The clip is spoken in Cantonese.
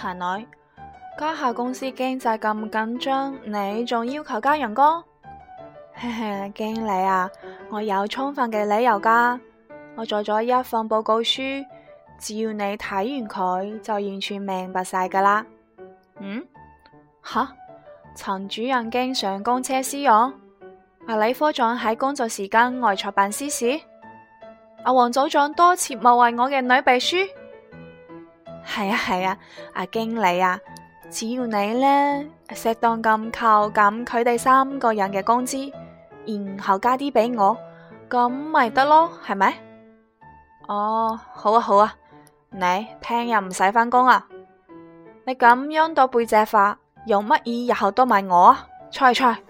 霞女，家下公司經濟咁緊張，你仲要求加人工？嘿嘿，經理啊，我有充分嘅理由噶。我做咗一份報告書，只要你睇完佢，就完全明白晒噶啦。嗯？吓？陳主任經常公車私用，阿李科長喺工作時間外出辦私事，阿王組長多次密會我嘅女秘書。係啊係啊，阿、啊啊、經理啊，只要你呢，適當咁扣減佢哋三個人嘅工資，然後加啲俾我，咁咪得咯，係咪？哦，好啊好啊，你聽日唔使返工啊，你咁樣剢背脊法，容乜易日後剢埋我啊？出去出去！